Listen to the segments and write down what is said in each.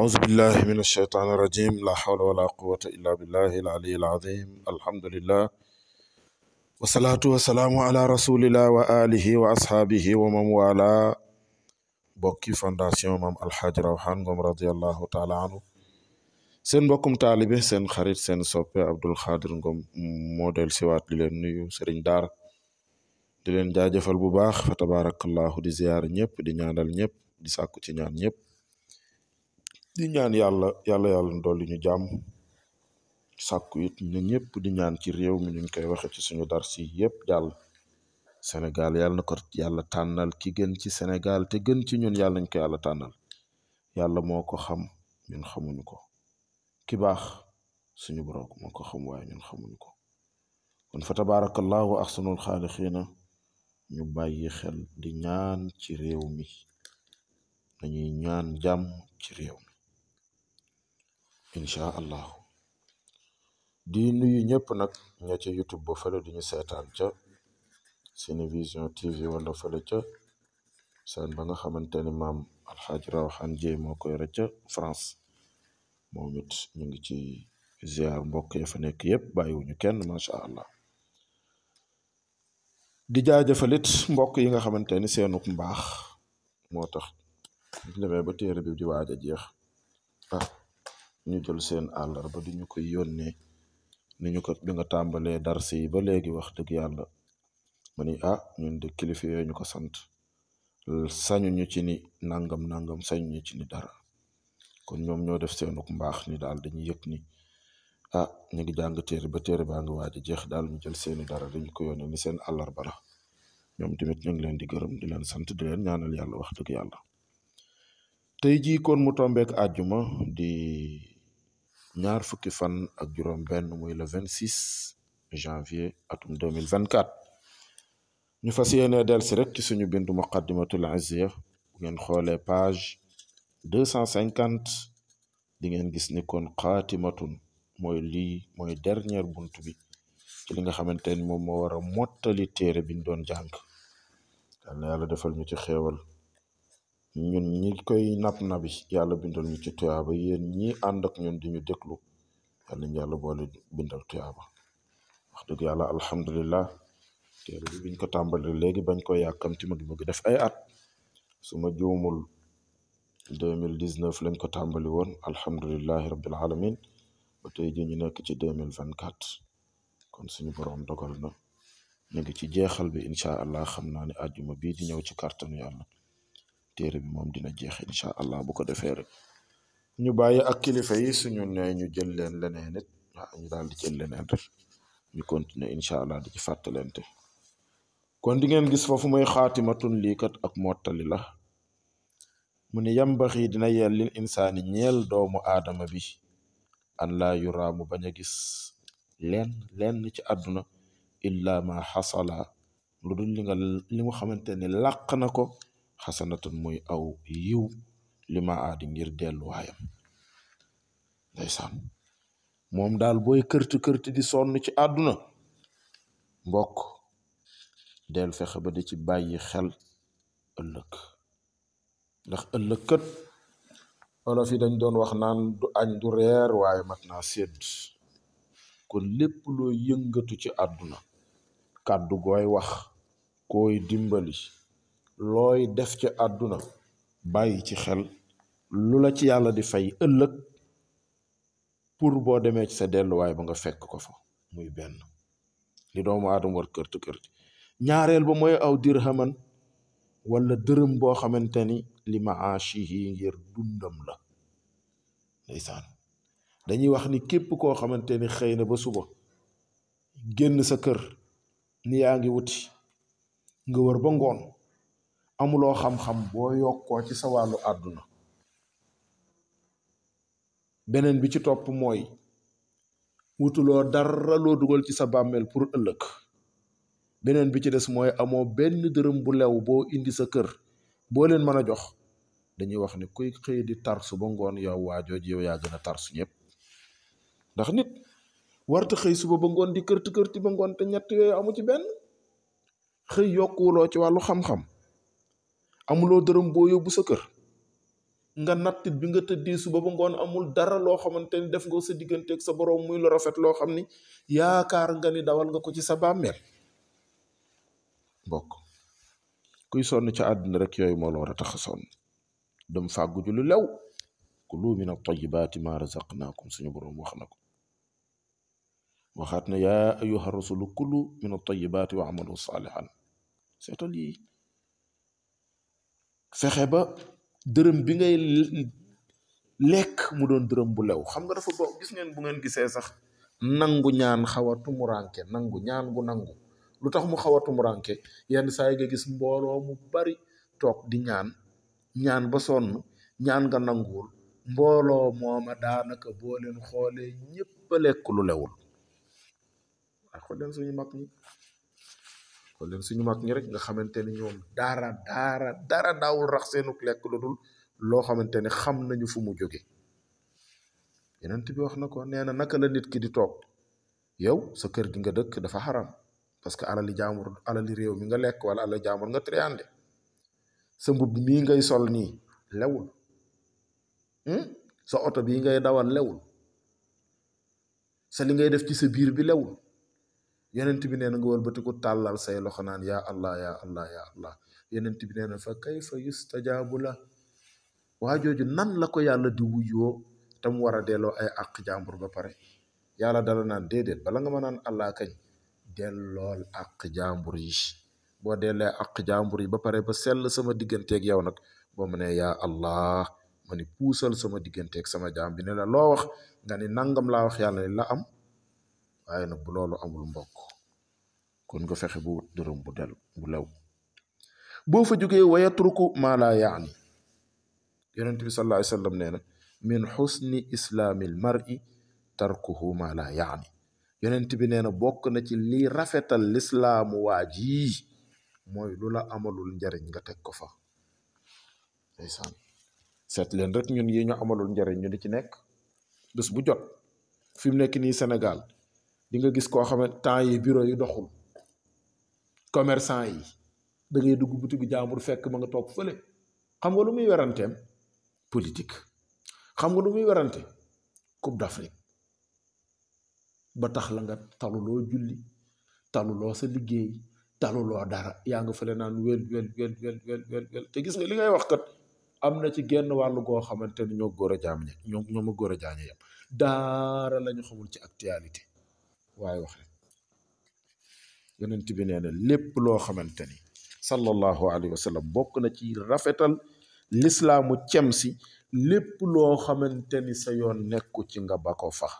أعوذ بالله من الشيطان الرجيم لا حول ولا قوة إلا بالله العلي العظيم الحمد لله والصلاة والسلام على رسول الله وآله وأصحابه ومن والاه bokki fondation taala anhu seen mbokkum taalibe seen xarit seen soppe Abdul Xaadir Ngom moo del siwaat di leen nuyu sëriñ daara di leen jaajëfal bu baax fa tabarakallahu di ziyaar ñëpp di ñaanal ñëpp di sàkku ci ñaan ñëpp di ñaan yàlla yàlla yàlla dolli ñu jàmm sàkku it ñun ñëpp di ñaan ci réew mi nuñ koy waxe ci suñu dar si yëpp jàll Sénégal yàlla na ko yàlla tànnal ki gën ci Sénégal te gën ci ñun yàlla nañ ko yàlla tànnal yàlla moo ko xam ñun xamuñu ko kibaax suñu borom moo ko xam waaye ñun xamuñu ko kon fa tabarakallahu axsanul xaalixiina ñu bàyyi xel di ñaan ci réew mi dañuy ñaan jàmm ci réew incha allahu di nuyu ñëpp nag ña ca youtube ba fële duñu seetaan ca Cinevision TV wala fële ca seen ba nga xamante ni maam alxaaji rawaxaan jéey moo koy yore ca France moom it ñu ngi ci ziar mbokk ya fa nekk yëpp bàyyiwuñu kenn macha allah di jaajëfalit mbokk yi nga xamante ni seenuk mbaax moo tax demee ba téere bi di waaj a jeex ah. ñu jël seen àllarba di ñu koy yónnee ni ñu ko bi nga tàmbalee dars yi ba léegi wax dëgg yàlla ma ni ah ñun de kilifa yooyu ñu ko sant sañu ñu ci ni nangam nangam sañu ñu ci ni dara kon ñoom ñoo def seen seenuk mbaax ni daal dañuy yëg ni ah ñu ngi jàng téere ba téere baa ngi waaj a jeex daal ñu jël seeni dara dañu ko yónnee ni seen àllarba la ñoom tamit ñu ngi leen di gërëm di leen sant di leen ñaanal yàlla wax dëgg yàlla tey jii kon mu tombeek di ñaar fukki fan ak juróom benn muy le 26 janvier atum 2024 ñu fas yéene delsi rek ci suñu bindu muqaddimatul azia bu ngeen xoolee page 250 di ngeen gis ni kon xaatimatun mooy mooy dernière bunt bi ci li nga xamante ni moom moo war a mottali téere biñ doon jàng na yàlla defal ñu ci xeewal ñun ñi koy nab nabi yàlla bindal ñu ci tuyaaba yéen ñi ànd ak ñun di ñu déglu yàlla ñu yàlla boole bindal tuyaaba wax dëgg yàlla alhamdulilah téere bi biñ ko tàmbali léegi bañ ko yàkkamti ma ngi bëgg def ay at su ma juumul 2019 lañ ko tàmbali woon alhamdulilahi rabbil alamin ba tey ji ñu nekk ci 2024 kon suñu borom dogal na ñu ci jeexal bi incha allah xam naa ne àjjuma bii di ñëw ci kàttanu téere bi moom dina jeex incha allah bu ko defee rek ñu bàyyi ak kilifa yi suñu ne ñu jël leen leneen it waaw ñu daal di jël leneen rek ñu continuer incha allah di ci fàttalente kon di ngeen gis foofu mooy xaatimatun lii kat ak mottali la mu ne yambaxi dina yeel lil insaani ñeel doomu aadama bi an laa yuraamu bañ a gis lenn lenn ci àdduna illa xasala lu dul li nga li mu xamante ne làq na ko xasanatun muy aw yiw li ma ngir delluwaayam ndeysaan moom daal booy kërti kërti di sonn ci àdduna mbokk del fexe ba di ci bàyyi xel ëllëg ndax ëllëg kët olof yi dañ doon wax naan du añ du reer waaye mat naa sédd kon lépp looy yëngatu ci àdduna kàddu gooy wax koy dimbali looy def ca àdduna bàyyi ci xel lu la ci yàlla di fay ëllëg pour boo demee ci sa delluwaay ba nga fekk ko fa muy benn li doomu aadama war kërti kërti ñaareel ba mooy aw dirhaman walla dërëm boo xamante ni li maashihi ngir dundam la ndeysaan dañuy wax ni képp koo xamante ni xëy na ba suba génn sa kër ni yaa ngi wuti nga wër ba ngoon amuloo xam-xam boo yokkoo ci sa wàllu àdduna beneen bi ci topp mooy wutuloo dara loo dugal ci sa bàmmeel pour ëllëg beneen bi ci des mooy amoo benn dërëm bu lew boo indi sa kër boo leen mën a jox dañuy wax ni kuy xëy di tarsu ba ngoon yow waajooj yow yaa gën a tarsu ñëpp ndax nit warta xëy suba ba ngoon di kërti kërti ba ngoon te ñett yooyu amu ci benn xëy yokkuwuloo ci wàllu xam-xam amuloo dërëm boo yóbbu sa kër nga nattit bi nga tëddee suba ba ngoon amul dara loo xamante ni def nga sa digganteek sa borom muy lu rafet loo xam ni yaakaar nga ni dawal nga ko ci sa bàmmeel mbokk kuy sonn ca àdduna rek yooyu moo la war a tax a sonn dem fàggu ju lu lew kulu min ma tayyibaati maa razaqnaakum suñu borom wax na ko waxaat na yaa ayyuha rasulu kulu min a tayyibaati wa amalu saalihan seetal yi fexe ba dërëm bi ngay lekk mu doon dërëm bu lew xam nga dafa bokk gis ngeen bu ngeen gisee sax nangu ñaan xaw a tumuranke nangu ñaan gu nangu lu tax mu xaw a tumuranke yenn saa yi nga gis mbooloo mu bari toog di ñaan ñaan ba sonn ñaan ga nanguwul mbooloo mooma daanaka boo leen xoolee ñëpp lu lewul ak ko leen suñu mag ñi léegi suñu mag ñi rek nga xamante ni ñoom daara daara dara daawul rax seenu lekk lu dul loo xamante ne xam nañu fu mu jóge yeneen bi wax na ko nee na naka la nit ki di toog yow sa kër gi nga dëkk dafa xaram parce que alali jaamur alali réew mi nga lekk wala alali jaamur nga triande sa mbubb mi ngay sol nii lewul hmm? sa oto bii ngay dawal lewul sa li ngay def ci sa biir bi lewul yonent bi nee na nga wëlbatiku tàllal say loxo naan yaa allah yaa allah yaa allah bi nee na fa kayfa yustajaabu la waa jooju nan la ko yàlla di wuyoo tam war a delloo ay ak jàmbur ba pare yàlla dala naan déedéet bala nga ma naan allah kañ dellool àq jàmbur yi jàmbur yi ba pare ba sell sama digganteek yow nag boo mu ne yaa allah ma ni puusal sama digganteeg sama jaam bi ne la loo wax nga ni nangam laa wax yàlla ni la am waaye nag bu loolu amul mbokk kon nga fexe bu wut dërëm bu dal bu boo fa jógee wa yatruku maa laa yaani yonent bi sallallahu nee na min xusni islaamil mar'i tarkuhu maa laa yaani yonent bi nee na bokk na ci li rafetal lislaamu waa jii mooy lu la amalul njariñ nga teg ko fa ndeysaan seet leen rek ñun yi ñu amalul njariñ ñu di ci nekk bés bu jot fi mu nekk nii Sénégal di nga gis koo xam ne temps yi bureau yi doxul commercant yi da dugg buti boutique jàmbur fekk ma nga toog fële xam nga lu muy weranteem politique xam nga lu muy werante coupe d'Afrique ba tax la nga taluloo julli taluloo sa liggéey taluloo dara yaa nga fële naan wel wel wel wel te gis nga li ngay wax kat am na ci genn wàllu goo xamante ni ñoo góor a jaam ñoo ñoo ma góor a jaañe yam daara la ñu xamul ci actualité waaye wax rek yonent bi nee lépp loo xamante ni sallallahu alayhi wa bokk na ci rafetal lislaamu cem si lépp loo xamante ni sa yoon nekku ci nga ba ko fax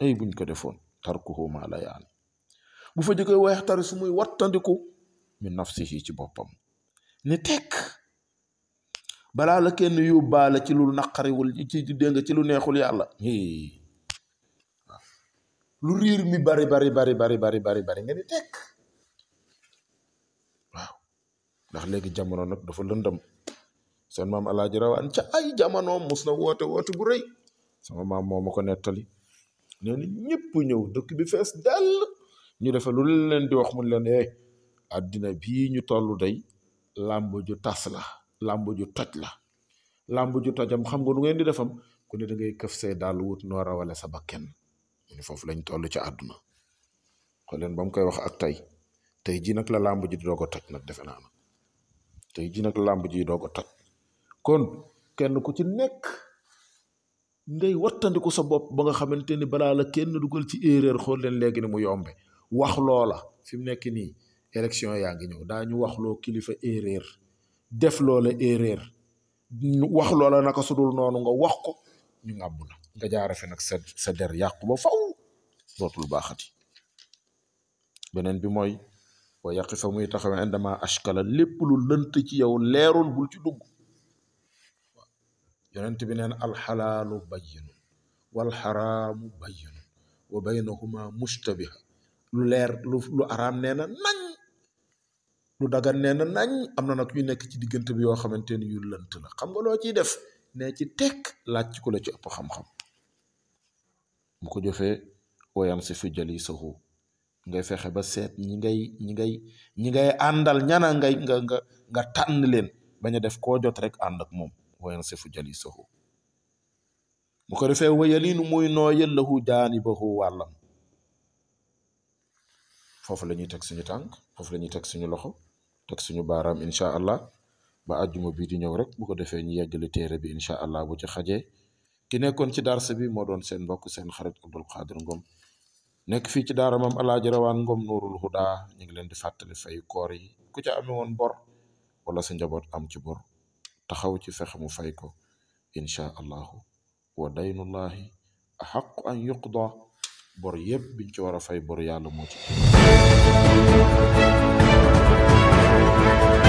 ay buñ ko defoon tarkuhu ma la yaani bu fa jógee weex tari su muy wattandiku mi nafsihi ci boppam ni tekk balaa la kenn yóbbaale ci lu naqariwul ci dégg nga ci lu neexul yàlla lu riir mi bari bari bari bari bari bari bari nga ni tekk waaw ndax léegi jamono nag dafa lëndëm seen maam alaaji rawaan ca ay jamonoom mos na woote woote bu rëy sama maam moo ma ko nettali nee na ñëpp ñëw dëkk bi fees dell ñu defe lu leen di wax mu leen eh àddina bii ñu tollu day làmb ju tas la làmb ju toj la làmb ju tojam xam nga nu ngeen di defam ku ne da ngay këf say daal wut noo rawale sa bakken ni foofu lañ toll ci àdduna xool leen ba mu koy wax ak tey tey jii nag la làmb ji doog a toj nag defe naa nag tey jii nag la làmb ji doog a kon kenn ku ci nekk ngay wattandiku sa bopp ba nga xamante ni balaa la kenn dugal ci erreur xool leen léegi ni mu yombe wax loola fi mu nekk nii élection yaa ngi ñëw daa ñu wax loo kilifa erreur def loola erreur wax loola naka sudul noonu nga wax ko ñu ngàbb la nga jaara fe nag sa sa der yàqu ba faw dootul baaxati beneen bi mooy boo yàqi fa muy taxawe indama ashkala lépp lu lënt ci yow leerul bul ci dugg waaw yonent bi neen alxalaalu bayyinun walxaraamu bayyinun wa baynahuma mushtabiha lu leer lu lu araam nee na nañ lu dagan nee na nañ am na nag yu nekk ci diggante bi yoo xamante ni yu lënt la xam nga loo ciy def ne ci tekk laaj ci la ci ëpp xam-xam bu ko defee wayam si fi jëli ngay fexe ba seet ñi ngay ñi ngay ñi ngay àndal ñana ngay nga nga nga tànn leen bañ a def koo jot rek ànd ak moom wayam si fu jëli saxu bu ko defee wayalinu muy noo yëllahu jaanibahu wàllam foofu la ñuy teg suñu tànk foofu la ñuy teg suñu loxo teg suñu baaraam incha allah ba àjjuma bii di ñëw rek bu ko defee ñu yeggale téere bi incha allah bu ci xajee ki nekkoon ci darse bi moo doon seen mbokk seen xarit Abdul Qadir Ngom nekk fii ci daara maam Alaaji Rawaan Ngom Nuurul Huda ñu ngi leen di fàttali fay koor yi ku ci amee woon bor wala sa njaboot am ci bor taxaw ci fexe mu fay ko incha allahu wa daynullahi axaqu an yuqda bor yëpp biñ ci war a fay bor yàlla moo ci